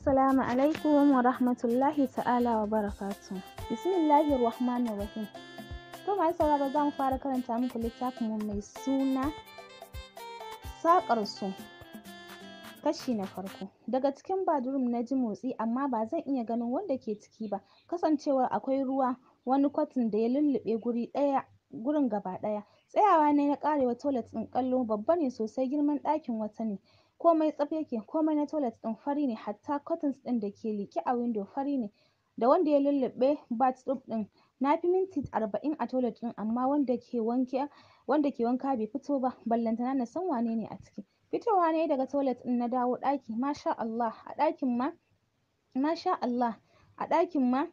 Assalamu alaikum wa rahmatullahi ta'ala wa barakatu. Bismillahir Rahmanir Rahim. To mai sauraro za fara karanta muku littafin mu mai suna Sakar su. Kashi na farko. Daga cikin badurum na ji motsi amma ba zan iya ganin wanda ke ciki ba. Kasancewar akwai ruwa wani kwatin da ya lullube guri daya gurin gaba ɗaya. Tsayawa ne na karewa toilet ɗin kallo babba ne sosai girman ɗakin wata ne. komai tsaf yake komai na toilet ɗin fari ne hatta curtains ɗin da ke liƙe a window fari ne da wanda ya lulluɓe bathtub ɗin na fi minti arba'in a toilet ɗin amma wanda ke wanke wanda ke wanka bai fito ba ballantana na san wane ne a ciki fitowa ne daga toilet ɗin na dawo ɗaki masha Allah a ɗakin ma masha Allah a ɗakin ma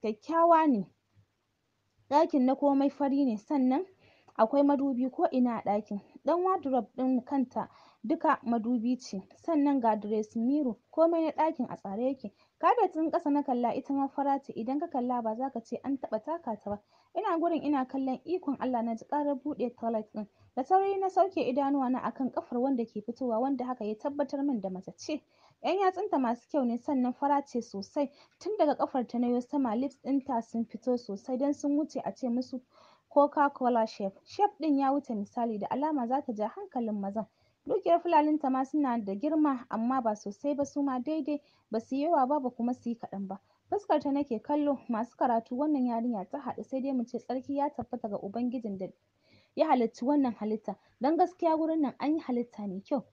kyakkyawa ne ɗakin na komai fari ne sannan akwai madubi ko ina a ɗakin ɗan wardrobe ɗin kanta duka madubi ce sannan ga dressing mirror komai na ɗakin a tsare yake carpet ɗin ƙasa na kalla ita ma fara ce idan ka kalla ba za ka ce an taɓa taka ta ba ina gurin ina kallon ikon Allah na ji ƙarar buɗe toilet ɗin da sauri na sauke idanuwa na akan ƙafar wanda ke fitowa wanda haka ya tabbatar min da mace ce yan yatsunta masu kyau ne sannan fara ce sosai tun daga ƙafar ta na sama lips ɗin ta sun fito sosai don sun wuce a ce musu coca cola shape shape ɗin ya wuce misali da alama za ta ja hankalin mazan Dukiyar ta ma suna da girma amma ba sosai ba suma daidai ba su yi yawa ba kuma su yi kaɗan ba. fuskar ta nake kallo, masu karatu wannan yarinya ta haɗu sai dai mu ce tsarki ya tabbata ga Ubangijin da ya halicci wannan halitta, don gaskiya wurin nan an yi halitta mai kyau.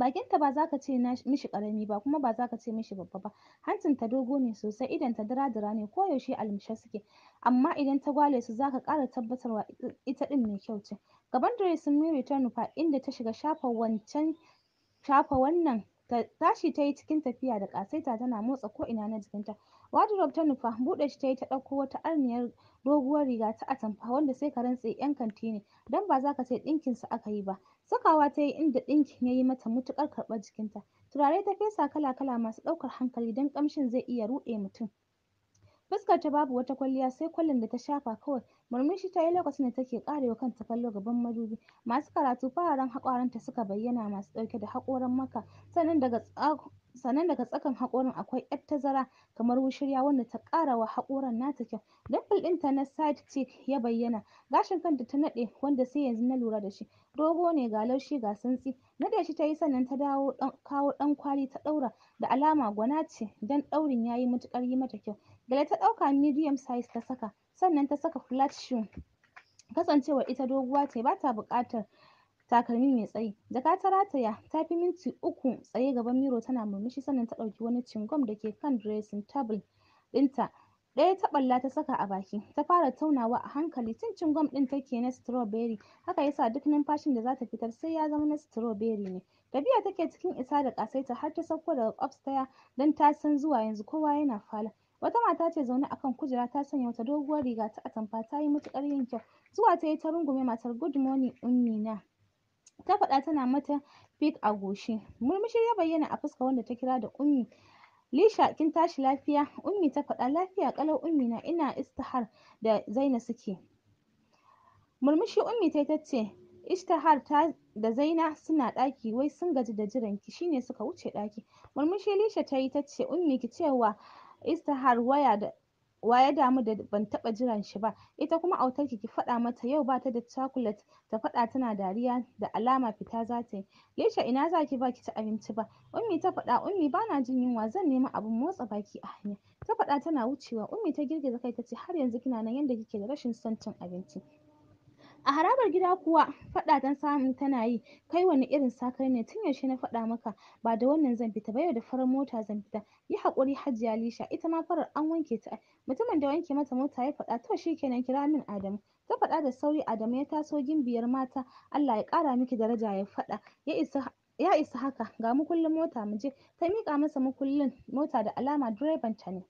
bakinta ba za ka ce mishi ƙarami ba kuma ba za ka ce mishi babba ba hancin ta dogo ne sosai idan ta dira-dira ne koyaushe a lumshe suke amma idan ta gwale su za ka ƙara tabbatarwa ita ɗin mai kyau ce gaban sun mirror ta nufa inda ta shiga shafa wancan shafa wannan tashi ta yi cikin tafiya da ƙasaita tana motsa ko ina na jikinta wardrobe ta nufa buɗe shi ta yi ta ɗauko wata arniyar doguwar riga ta atamfa wanda sai ka rantse 'yan kanti ne don ba za ka ce ɗinkinsa aka yi ba. Sakawa ta yi inda ɗinkin ya yi mata matuƙar karɓar jikinta. Turare ta fesa kala-kala masu ɗaukar hankali don ƙamshin zai iya ruɗe mutum. Fuskar ta babu wata kwalliya sai kwallon da ta shafa kawai. Murmushi ta yi lokacin da take ƙarewa kanta kallo gaban madubi. Masu karatu fararen haƙoranta suka bayyana masu ɗauke da haƙoran maka sannan daga sannan daga tsakan haƙorin akwai ƴar tazara kamar wushirya wanda ta ƙara wa haƙoran nata kyau dimple ɗinta na side cheek ya bayyana gashin kanta ta naɗe wanda sai yanzu na lura da shi dogo ne ga laushi ga santsi naɗe shi ta yi sannan ta dawo kawo ɗan kwali ta ɗaura da alama gwana ce don ɗaurin ya yi matuƙar yi mata kyau gale ta ɗauka medium size ta saka sannan ta saka flat shoe kasancewar ita doguwa ce ba ta buƙatar takalmi mai tsayi jaka ta rataya ta fi minti uku tsaye gaban miro tana murmushi sannan ta ɗauki wani cingom da ke kan dressing table ɗinta ɗaya ta ɓalla ta saka a baki ta fara taunawa a hankali cin cingom ɗin take na strawberry haka yasa duk numfashin da za ta fitar sai ya zama na strawberry ne tafiya take cikin isa da ƙasaita har ta sauko daga upstairs don ta san zuwa yanzu kowa yana fala wata mata ce zaune akan kujera ta sanya wata doguwar riga ta atamfa ta yi matuƙar yin kyau zuwa ta yi ta rungume matar good morning ummi na ta faɗa tana mata fik a goshi murmushi ya bayyana a fuska wanda ta kira da ummi lisha kin tashi lafiya ummi ta faɗa lafiya ƙalau ummi na ina istihar da zaina suke murmushi ummi ta ta ce istihar ta da zaina suna ɗaki wai sun gaji da jiran ki shine suka wuce ɗaki murmushi lisha ta yi ta ce ummi ki cewa istihar waya da wa ya damu da ban taɓa jiran shi ba ita kuma autarki ki faɗa mata yau bata da cakulet ta faɗa tana dariya da alama fita za ta yi lisha ina za ki ba ki ci abinci ba ummi ta faɗa ummi ba na jin yunwa zan nemi abin motsa baki a hanya ta faɗa tana wucewa ummi ta girgiza kai ta ce har yanzu kina nan yanda kike da rashin son cin abinci A harabar gida kuwa faɗa don samun tana yi, kai wani irin sakare ne tun yaushe na faɗa maka ba da wannan zan fita ba yau da farar mota zan fita. Yi haƙuri Hajiya Lisha ita ma farar an wanke ta Mutumin da wanke mata mota ya faɗa to kenan kira min Adamu. Ta faɗa da sauri Adamu ya taso gimbiyar mata Allah ya ƙara miki daraja ya faɗa ya isa ya isa haka ga mukullin mota mu je ta mika masa mukullin mota da alama direban ta ne.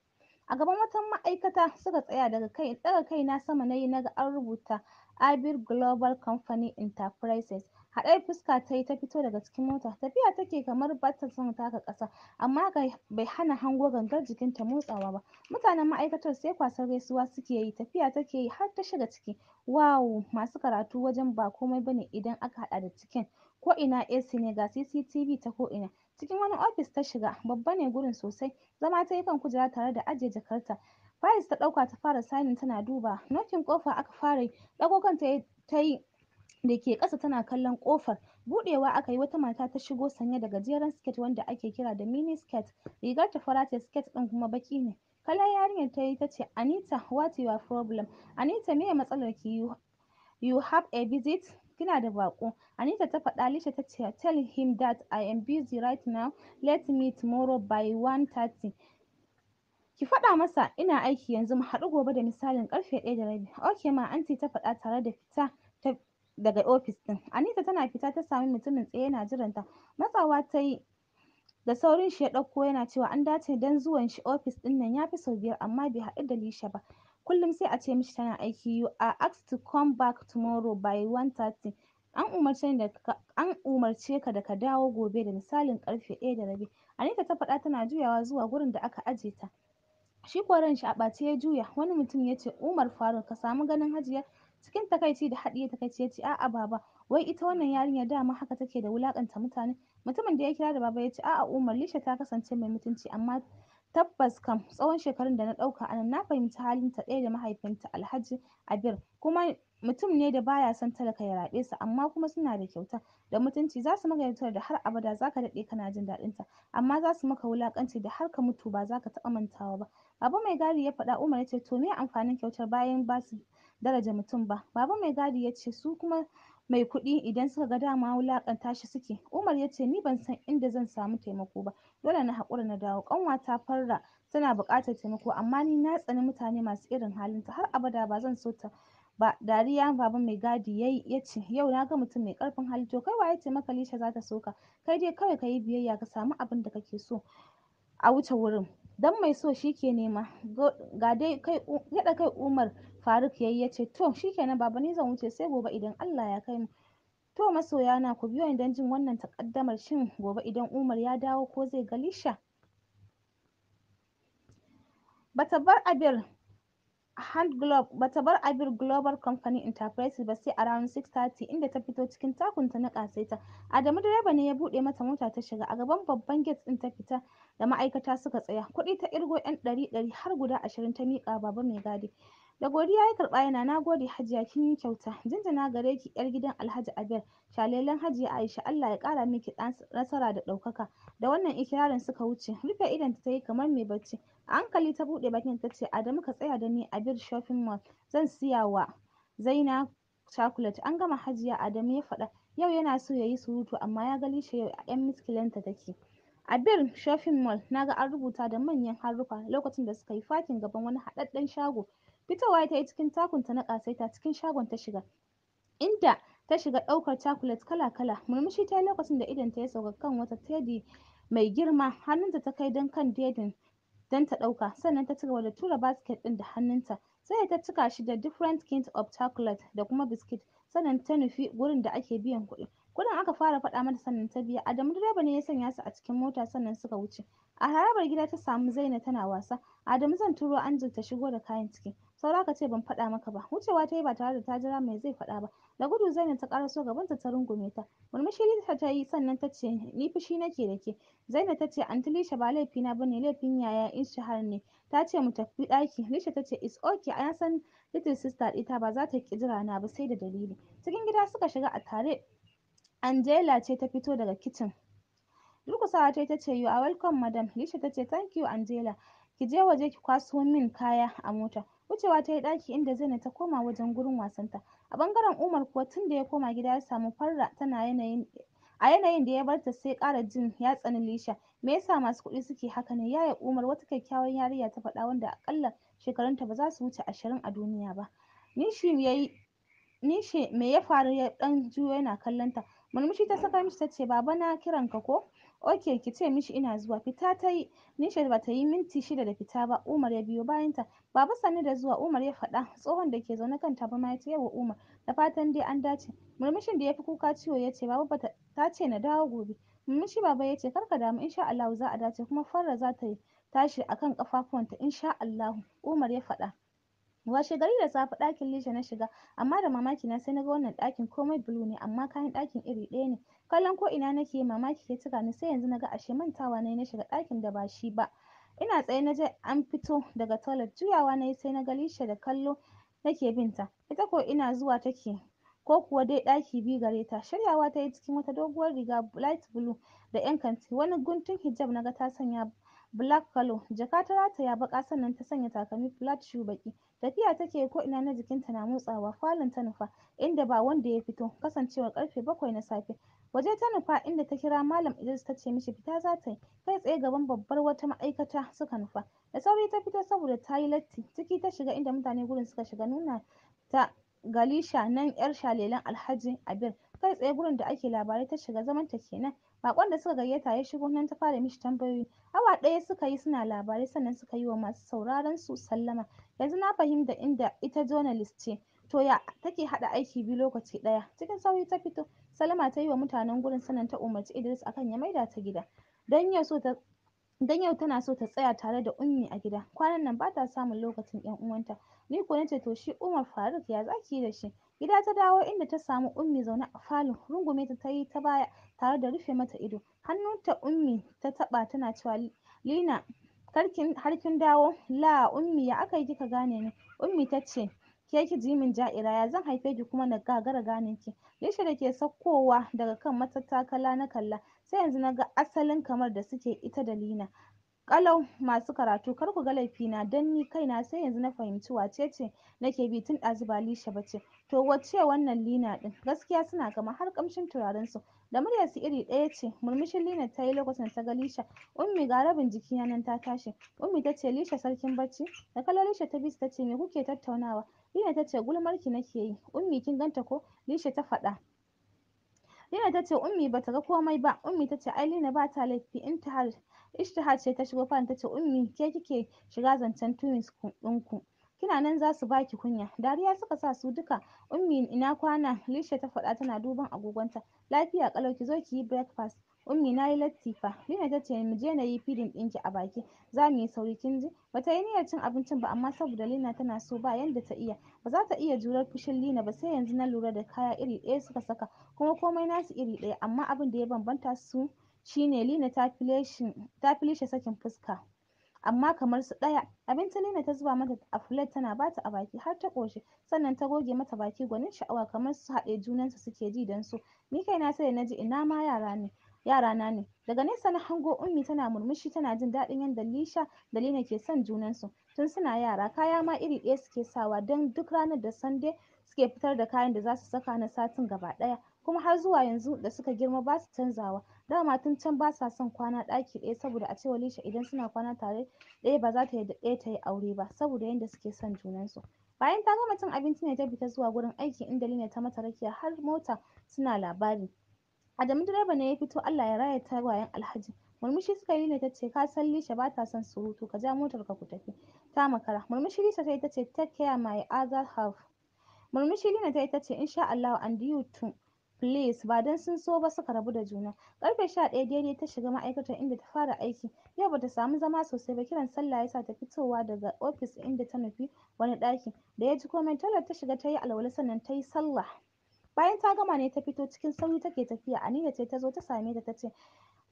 a gaban wata ma'aikata suka tsaya daga kai daga na sama nayi naga an rubuta Abir Global Company Enterprises haɗar fuska ta yi ta fito daga cikin mota, tafiya take kamar ba son taka ƙasa, amma bai hana hango gangar jikinta motsawa ba. Mutanen ma'aikatar sai kwasar gaisuwa suke yi, tafiya take yi har ta shiga ciki. Wow! Masu karatu wajen ba komai bane idan aka haɗa da cikin. Ko'ina AC ne ga CCTV ta ko'ina. Cikin wani ofis ta shiga, babba ne gurin sosai, zama ta yi kan kujera tare da ajiye jakarta. Faris ta ɗauka ta fara sanin tana duba. Nokin ƙofa aka fara yi, ɗago kanta ta yi da ke ƙasa tana kallon ƙofar. Buɗewa aka yi wata mata ta shigo sanye da gajeren siket wanda ake kira da mini skirt. Rigar ta fara ce siket ɗin kuma baki ne. Kallon yarinyar ta yi ta ce Anita what your problem? Anita me matsalar ki you, you have a visit? Kina da baƙo. Anita ta faɗa lisa ta ce tell him that I am busy right now. Let me tomorrow by 1:30. ki faɗa masa ina aiki yanzu mu haɗu gobe da misalin ƙarfe ɗaya da rabi ok ma anti ta faɗa tare da fita ta daga ofis ɗin anita tana fita ta sami mutumin tsaye yana jiranta matsawa ta yi da saurin shi ya ɗauko yana cewa an dace dan zuwan shi ofis ɗin nan ya fi sau biyar amma bai haɗu da lisha ba kullum sai a ce mishi tana aiki you are asked to come back tomorrow by one thirty an umarce da an umarce ka da ka dawo gobe da misalin ƙarfe ɗaya da rabi anita ta faɗa tana juyawa zuwa gurin da aka aje ta Shi kuwa shi a ɓace ya juya, wani mutum ya ce, Umar Faruk ka samu ganin hajiyar?" Cikin takaici da haɗiye takaici ya ce, A'a baba, wai ita wannan yarinyar dama haka take da wulakanta mutane. Mutumin da ya kira da baba ya ce, A'a Umar, Lisha ta kasance mai mutunci amma Tabbas kam, tsawon shekarun da na ɗauka anan na fahimci halin ta ɗaya da mahaifinta, Alhaji Abir, kuma mutum ne da baya ya son talaka ya raɓe sa, amma kuma suna da kyauta da mutunci, za su maka kyautar da har abada za ka daɗe kana jin daɗin ta amma za su maka wulaƙanci da har ka mutu ba za ka taɓa mantawa ba. Baba mai gadi ya faɗa, Umar ya ce, to me amfanin kyautar bayan ba su daraja mutum ba? Baba mai gadi ya ce, su kuma mai kuɗi idan suka ga dama wulaƙanta shi suke. Umar ya ce ni ban san inda zan samu taimako ba, dole na haƙura na dawo. Ƙanwa ta Farra tana buƙatar taimako amma ni na tsani mutane masu irin halinta har abada ba zan so ta ba dariya baba mai gadi yayi ya ce yau na ga mutum mai ƙarfin hali to kai waye ce maka Lisha za ta so kai dai kawai ka yi biyayya ka samu abin da kake so a wuce wurin. dan mai so shi ke nema ga dai kai kai umar faruk yayi ya ce to shikenan baba ni zan wuce sai gobe idan allah ya kai mu to masoya na ku biyo ni don jin wannan takaddamar shin gobe idan umar ya dawo ko zai galisha? bata bar abir. hand ba ta bar Abir Global Company Enterprises ba sai a ranar 6:30 inda ta fito cikin takunta na ƙasaita. Adamu direba ne ya buɗe mata mota ta shiga, a gaban babban gate ɗin ta fita da ma'aikata suka tsaya, kuɗi ta irgo 'yan ɗari-ɗari har guda ashirin ta miƙa Baba mai gadi. Da godiya ya karɓa yana na gode hajiya kin yi kyauta. Jinjina gare ki ‘yar gidan Alhaji Abel. Shalelen hajiya Aisha Allah ya ƙara miki nasara da ɗaukaka. Da wannan ikirarin suka wuce. Rufe idonta ta yi kamar mai bacci. A hankali ta buɗe bakin ta ce Adamu ka tsaya da ni a Bir Shopping Mall. Zan siya wa Zainab chocolate. An gama hajiya Adamu ya faɗa. Yau yana so ya yi surutu amma ya ga shi yau ‘yan miskilanta take. A Birr Shopping Mall, na ga an rubuta da manyan haruffa lokacin da suka yi fakin gaban wani haɗaɗɗen shago, fitowa ta yi cikin takunta na ƙasaita cikin shagon ta shiga, inda ta shiga ɗaukar chocolate kala-kala, murmushi ta yi lokacin da ta ya sauka kan wata Teddy mai girma, hannunta ta kai don kan dedin don ta ɗauka, sannan ta cigaba da tura basket ɗin da hannunta, sai ta cika shi da "Different kinds of chocolate" da kuma biscuit sannan ta nufi gurin da ake biyan kuɗi. Kudin aka fara faɗa mata sannan ta biya. Adamu direba ne ya sanya su a cikin mota sannan suka wuce. A harabar gida ta samu Zaina tana wasa. Adamu zan turo Angel ta shigo da kayan ciki. Saura ka ce ban faɗa maka ba. Wucewa ta yi ba tare da ta jira mai zai faɗa ba. Da gudu Zainab ta karaso gabanta ta rungume ta. Murmushi Lisa ta yi sannan ta ce ni fushi nake da ke. Zainab ta ce anti Lisha ba laifi na bane laifin yaya in shahar ne. Ta ce mu tafi ɗaki. Lisha ta ce it's okay an san little sister ita ba za ta ki jira na ba sai da dalili. Cikin gida suka shiga a tare Angela ce ta fito daga kicin. Durƙusawa ta yi ta ce, You are welcome, madam. Lisha ta ce, Thank you, Angela. Ki je waje ki kwaso min kaya a mota. Wucewa ta yi ɗaki inda Zainab ta koma wajen gurin wasanta. A ɓangaren Umar kuwa tun da ya koma gida ya samu farra tana yanayin a yanayin da ya barta sai ƙara jin ya tsani Lisha. Me yasa masu kuɗi suke haka ne? Yaya Umar wata kyakkyawan yarinya ta faɗa wanda aƙalla shekarunta ba za su wuce ashirin a duniya ba. Nishi ya Nishi me ya faru ya ɗan juyo yana kallonta? Murmushi ta saka mishi ta Baba na kiran ka ko? Ok, ki ce mishi ina zuwa. Fita ta yi, Nishat ba ta yi minti shida da fita ba, Umar ya biyo bayanta. Baba sani da zuwa, Umar ya faɗa. Tsohon da ke zaune kan tabarma ya ce yawa Umar, da fatan dai an dace. Murmushin da ya fi kuka ciwo ya ce, Baba ta ce na dawo gobe. Murmushi baba yace, Kar ka damu, insha Allah za a dace, kuma Farra za ta yi tashi akan kafafuwanta, insha Allah. Umar ya faɗa. washe gari da safe ɗakin Lisha na shiga amma da mamaki na sai na ga wannan ɗakin komai bulu ne amma kayan ɗakin iri ɗaya ne kallon ko ina nake mamaki ke cika ni sai yanzu naga ashe mantawa nayi na shiga ɗakin da ba shi ba ina tsaye na naje an fito daga toilet juyawa nayi sai na ga Lisha da kallo nake binta ita ko ina zuwa take ko kuwa dai ɗaki biyu gare ta shiryawa tayi cikin wata doguwar riga light blue da ƴan kanti wani guntun hijab naga ta sanya black colour jaka ta rataya baƙa sannan ta sanya takalmin flat shoe baƙi tafiya take ko ina na jikin ta na motsawa falon ta nufa inda ba wanda ya fito kasancewar karfe bakwai na safe waje ta nufa inda ta kira malam Idris ta ce mishi fita za ta yi kai tsaye gaban babbar wata ma'aikata suka nufa da sauri ta fito saboda ta yi latti ciki ta shiga inda mutane gudun suka shiga nuna ta Galisha nan yar shalelan Alhaji Abir kai tsaye gurin da ake labarai ta shiga zaman ta kenan bakon da suka gayyata ya shigo nan ta fara mishi tambayoyi awa ɗaya suka yi suna labarai sannan suka yi wa masu sauraron su sallama yanzu na fahimta inda ita journalist ce to ya take haɗa aiki biyu lokaci ɗaya cikin sauri ta fito salama ta yi wa mutanen gurin sannan ta umarci idris akan ya maida ta gida don ya so ta dan yau tana so ta tsaya tare da ummi a gida kwanan nan ba ta samun lokacin yan uwanta ni ko nace to shi umar faruk ya zaki da shi Gida ta dawo inda ta samu Ummi zaune a falo, rungume ta yi ta baya tare da rufe mata ido. Hannunta Ummi ta taba tana cewa Lina har kin dawo? La Ummi ya aka yi kika gane ni? Ummi ta ce ke ki ji min ja'ira ya zan haife ki kuma na gagara gane ki. Yashi da ke sakkowa daga kan matattakala na kalla sai yanzu na ga asalin kamar da suke ita da Lina. Kalau masu karatu kar ku ga laifi na, don ni kaina sai yanzu na fahimci wace ce nake bi tun ɗazu ba Lisha ba ce. To wace wannan Lina ɗin? Gaskiya suna kama har ƙamshin su Da muryarsu iri ɗaya ce, murmushin Lina ta yi lokacin ta ga Lisha. Ummi ga rabin na nan ta tashi. Ummi ta ce Lisha sarkin bacci. Da kallon Lisha ta bisa ta ce me kuke tattaunawa? Lina ta ce gulmarki nake yi. Ummi kin ganta ko? Lisha ta faɗa. Lina ta ce Ummi bata ga komai ba. Ummi ta ce ai Lina ba ta laifi in ta har Ishtihad ce ta shigo falon ta Ummi ke kike shiga zancen twins ɗinku. Kina nan za su baki kunya. Dariya suka sa su duka. Ummi ina kwana Lisha ta faɗa tana duban agogonta. Lafiya ƙalau ki zo ki yi breakfast. Ummi na yi latti fa. Lina ta ce mu je na yi fidin ɗinki a baki. Za mu yi sauri kin ji. ta yi niyyar cin abincin ba amma saboda Lina tana so ba yanda ta iya. Ba za ta iya jurar fushin Lina ba sai yanzu na lura da kaya iri ɗaya suka saka kuma komai nasu iri ɗaya amma abin da ya bambanta su shine Lina ta filashe sakin fuska. Amma kamar su ɗaya, abinci Lina ta zuba mata a fulet tana bata a baki har ta ƙoshi, sannan ta goge mata baki gwanin sha'awa kamar su haɗe junansu suke ji don su. Ni kaina sai na ji ina ma yara ne. yarana ne daga nesa na hango ummi tana murmushi tana jin daɗin yadda lisha da lina ke son junansu tun suna yara kaya ma iri ɗaya suke sawa don duk ranar da sande suke fitar da kayan da za su saka na satin gaba ɗaya kuma har zuwa yanzu da suka girma ba su canzawa dama tun can ba sa son kwana ɗaki ɗaya saboda a cewa Lisha idan suna kwana tare ɗaya ba za ta yarda ɗaya ta yi aure ba saboda yadda suke son junansu bayan ta gama cin abinci ne ta fita zuwa gurin aiki inda Lina ta mata rakiya har mota suna labari Adamu direba ne ya fito Allah ya raya wayan Alhaji murmushi suka yi ne ta ce ka san Lisha ba ta son surutu ka ja motar ka ku tafi ta makara murmushi Lisha ta ce take care my other half murmushi Lina ta yi ta ce insha Allah and you too Please, ba don sun so ba suka rabu da juna. Karfe sha ɗaya daidai ta shiga ma'aikatar inda ta fara aiki. Yau bata samu zama sosai ba kiran sallah ya sa ta fitowa daga ofis inda ta nufi wani ɗaki. Da ya ji komai talar ta shiga ta yi alwala sannan ta yi sallah. Bayan ta gama ne ta fito cikin sauri take tafiya. Anina ce ta zo ta same ta ta ce,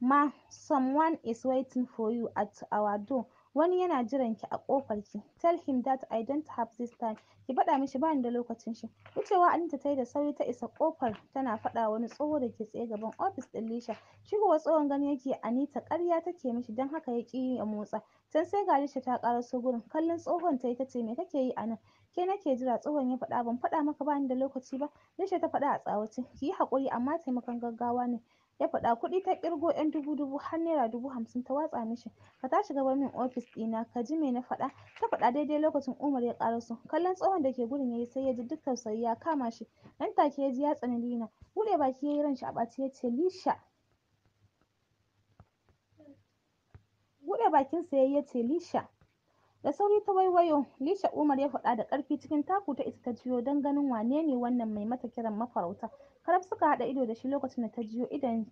Ma, someone is waiting for you at our door. Wani yana jiran ki a ƙofar ki. Tell him that I don't have this time. Ki faɗa mishi ba ni da lokacin shi. Wucewa Anita ta yi da sauri ta isa ƙofar tana faɗa wani tsoho da ke tsaye gaban ofis ɗin Lisha. Shi tsohon gani yake Anita ƙarya take mishi don haka ya ƙi ya motsa. Can sai ga Lisha ta ƙaraso gurin. Kallon tsohon ta yi ce me kake yi a nan? Ke nake jira tsohon ya faɗa ban faɗa maka ba ni da lokaci ba. Lisha ta faɗa a tsawace. Ki yi haƙuri amma taimakon gaggawa ne. ya faɗa. Kuɗi ta ƙirgo 'yan dubu-dubu har naira dubu hamsin ta watsa mishi. Ka tashi gaban min ofis ɗina ka ji me na faɗa. Ta faɗa daidai lokacin Umar ya ƙara su Kallon tsohon da ke gudun ya yi sai ya ji dukkan sauri ya kama shi. Nan take ya ji ya tsani Lina. Buɗe baki ya ran shi a ɓace ya ce Lisha. Buɗe bakinsa ya ce Lisha. da sauri ta waiwayo lisha umar ya faɗa da ƙarfi cikin taku ta isa ta jiyo don ganin wane ne wannan mai mata kiran mafarauta karab suka haɗa ido da shi lokacin da ta jiyo idan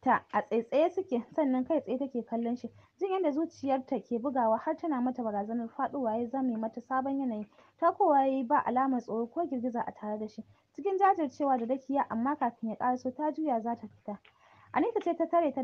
ta a tsaitsaye suke sannan kai tsaye take kallon shi jin yadda zuciyarta ke bugawa har tana mata barazanar faɗuwa ya zame mata sabon yanayi ta ya yi ba alamar tsoro ko girgiza a tare da shi cikin jajircewa da dakiya amma kafin ya ƙaraso ta juya za ta fita Anita ce ta tare ta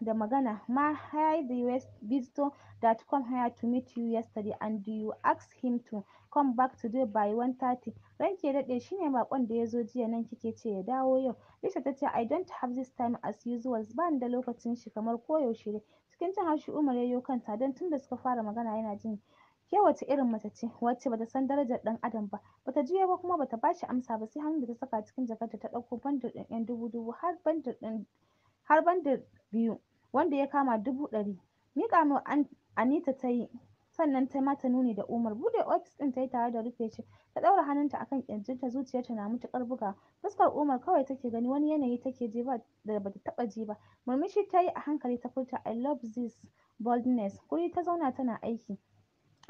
da magana. Ma, hi, the US visitor that come here to meet you yesterday and you ask him to come back today by 1:30. Ranke daɗe shine ne bakon da ya zo jiya nan kike ce ya dawo yau. Lisa ta ce, I don't have this time as usual, ba da lokacin shi kamar koyaushe. Cikin cin haushi Umar ya yo kanta don tun da suka fara magana yana jin ke wace irin mace ce wacce bata san darajar ɗan adam ba bata juya ba kuma bata bashi amsa ba sai hannun da ta saka cikin jakarta ta ɗauko bandir ɗin ƴan dubu dubu har bandir ɗin har bandir biyu wanda ya kama dubu ɗari miƙa ma Anita ta yi sannan ta mata nuni da Umar buɗe ofis ɗin ta yi tare da rufe shi ta ɗaura hannunta akan zuciyar zuciyarta na matuƙar buga fuskar Umar kawai take gani wani yanayi take ji ba da bata taɓa ji ba murmushi ta yi a hankali ta furta I love this boldness guri ta zauna tana aiki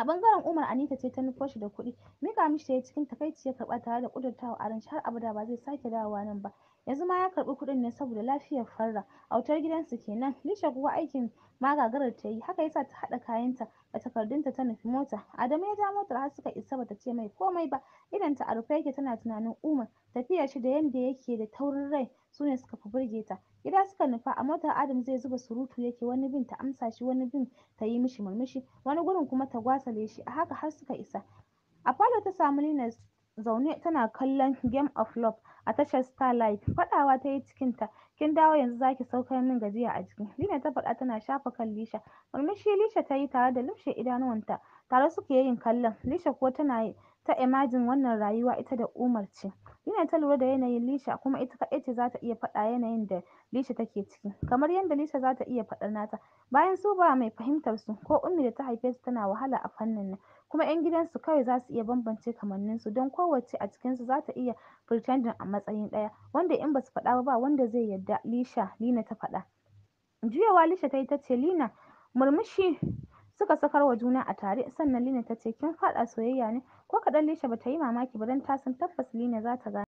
A ɓangaren Umar, Anita ce ta nufo shi da kuɗi, Mika mishi ta yi cikin takaici ya karɓa tare da ƙudurtawa a ranshi har abada ba zai sake dawowa nan ba. Yanzu ma ya karɓi kuɗin ne saboda lafiyar farra autar gidansu ke nan, Lisha kuwa aikin ma gagarar ta yi, haka yasa ta haɗa kayanta a takardunta ta nufi mota Adamu ya ja motar har suka isa bata ce mai komai ba ta a rufe yake tana tunanin Umar tafiya shi da yanda yake da taurin rai sune suka fi burge ta gida suka nufa a motar Adam zai zuba surutu yake wani bin ta amsa shi wani bin ta yi mishi murmushi wani gurin kuma ta gwasale shi a haka har suka isa a falo ta samu nina zaune tana kallon Game of Love a tashar Starlight faɗawa ta yi cikinta kin dawo yanzu za ki saukar min gajiya a jiki Lina ta faɗa tana shafa kan Lisha murmushi Lisha ta yi tare da lumshe idanuwanta tare suke yin kallon Lisha kuwa tana ta imajin wannan rayuwa ita da Umar ce Lina ta lura da yanayin Lisha kuma ita kaɗai ce za ta iya faɗa yanayin da Lisha take ciki kamar yadda Lisha za ta iya faɗar nata bayan su ba mai fahimtar su ko Ummi da ta haife su tana wahala a fannin nan kuma 'yan gidansu kawai za su iya bambance kamannin su don kowacce a cikinsu za ta iya pretending a matsayin ɗaya, wanda in ba su faɗa ba ba wanda zai yadda Lisha, Lina ta faɗa. Juyawa Lisha ta yi ta ce, Lina, murmushi suka sakar wa juna a tare sannan Lina ta ce, kin faɗa soyayya ne? Ko kaɗan Lisha ba ta yi mamaki ba don ta san tabbas Lina za ta gane.